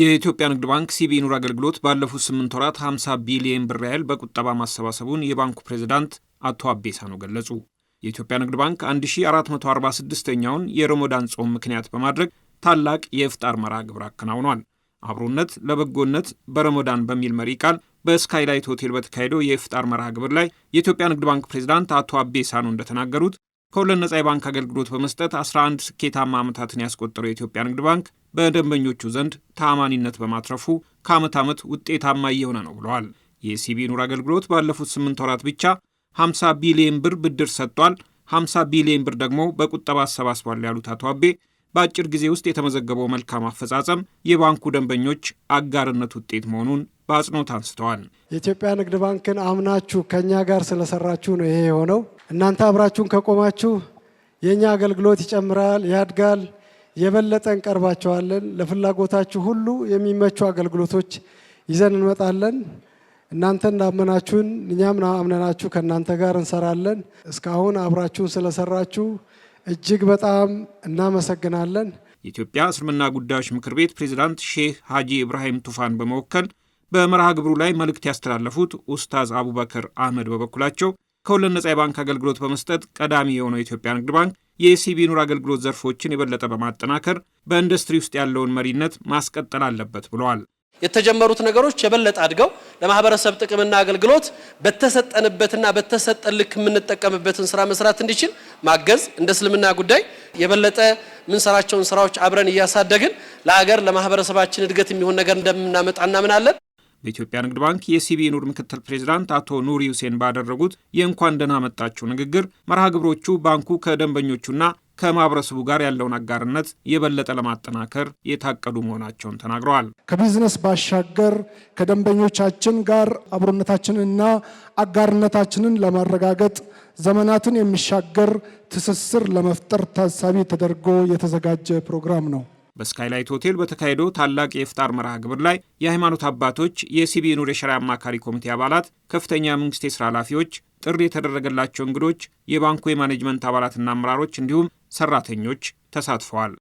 የኢትዮጵያ ንግድ ባንክ ሲቢ ኑር አገልግሎት ባለፉት ስምንት ወራት 50 ቢሊየን ብር ያህል በቁጠባ ማሰባሰቡን የባንኩ ፕሬዚዳንት አቶ አቤሳኖ ገለጹ። የኢትዮጵያ ንግድ ባንክ 1446ኛውን የረመዳን ጾም ምክንያት በማድረግ ታላቅ የእፍጣር መርሃ ግብር አከናውኗል። አብሮነት ለበጎነት በረመዳን በሚል መሪ ቃል በስካይላይት ሆቴል በተካሄደው የእፍጣር መርሃ ግብር ላይ የኢትዮጵያ ንግድ ባንክ ፕሬዚዳንት አቶ አቤሳኖ እንደተናገሩት ከሁለት ነጻ የባንክ አገልግሎት በመስጠት 11 ስኬታማ ዓመታትን ያስቆጠረው የኢትዮጵያ ንግድ ባንክ በደንበኞቹ ዘንድ ተአማኒነት በማትረፉ ከዓመት ዓመት ውጤታማ እየሆነ ነው ብለዋል። የሲቢ ኑር አገልግሎት ባለፉት ስምንት ወራት ብቻ 50 ቢሊዮን ብር ብድር ሰጥቷል፣ 50 ቢሊዮን ብር ደግሞ በቁጠባ አሰባስቧል ያሉት አቶ አቤ በአጭር ጊዜ ውስጥ የተመዘገበው መልካም አፈጻጸም የባንኩ ደንበኞች አጋርነት ውጤት መሆኑን በአጽንኦት አንስተዋል። የኢትዮጵያ ንግድ ባንክን አምናችሁ ከእኛ ጋር ስለሰራችሁ ነው ይሄ የሆነው። እናንተ አብራችሁን ከቆማችሁ የእኛ አገልግሎት ይጨምራል፣ ያድጋል የበለጠ እንቀርባቸዋለን። ለፍላጎታችሁ ሁሉ የሚመቹ አገልግሎቶች ይዘን እንመጣለን። እናንተ እንዳመናችሁን እኛም አምነናችሁ ከእናንተ ጋር እንሰራለን። እስካሁን አብራችሁን ስለሰራችሁ እጅግ በጣም እናመሰግናለን። የኢትዮጵያ እስልምና ጉዳዮች ምክር ቤት ፕሬዚዳንት ሼህ ሀጂ ኢብራሂም ቱፋን በመወከል በመርሃ ግብሩ ላይ መልእክት ያስተላለፉት ኡስታዝ አቡበከር አህመድ በበኩላቸው ከሁለት ነጻ የባንክ አገልግሎት በመስጠት ቀዳሚ የሆነው የኢትዮጵያ ንግድ ባንክ የሲቢ ኑር አገልግሎት ዘርፎችን የበለጠ በማጠናከር በኢንዱስትሪ ውስጥ ያለውን መሪነት ማስቀጠል አለበት ብለዋል። የተጀመሩት ነገሮች የበለጠ አድገው ለማህበረሰብ ጥቅምና አገልግሎት በተሰጠንበትና በተሰጠን ልክ የምንጠቀምበትን ስራ መስራት እንዲችል ማገዝ፣ እንደ እስልምና ጉዳይ የበለጠ የምንሰራቸውን ስራዎች አብረን እያሳደግን ለአገር ለማህበረሰባችን እድገት የሚሆን ነገር እንደምናመጣ እናምናለን። በኢትዮጵያ ንግድ ባንክ የሲቢ ኑር ምክትል ፕሬዚዳንት አቶ ኑሪ ሁሴን ባደረጉት የእንኳን ደህና መጣችሁ ንግግር መርሃ ግብሮቹ ባንኩ ከደንበኞቹና ከማህበረሰቡ ጋር ያለውን አጋርነት የበለጠ ለማጠናከር የታቀዱ መሆናቸውን ተናግረዋል። ከቢዝነስ ባሻገር ከደንበኞቻችን ጋር አብሮነታችንንና አጋርነታችንን ለማረጋገጥ ዘመናትን የሚሻገር ትስስር ለመፍጠር ታሳቢ ተደርጎ የተዘጋጀ ፕሮግራም ነው። በስካይላይት ሆቴል በተካሄደው ታላቅ የፍጣር መርሃ ግብር ላይ የሃይማኖት አባቶች፣ የሲቢ ኑር የሸሪዓ አማካሪ ኮሚቴ አባላት፣ ከፍተኛ መንግስት የስራ ኃላፊዎች፣ ጥሪ የተደረገላቸው እንግዶች፣ የባንኩ የማኔጅመንት አባላትና አመራሮች እንዲሁም ሰራተኞች ተሳትፈዋል።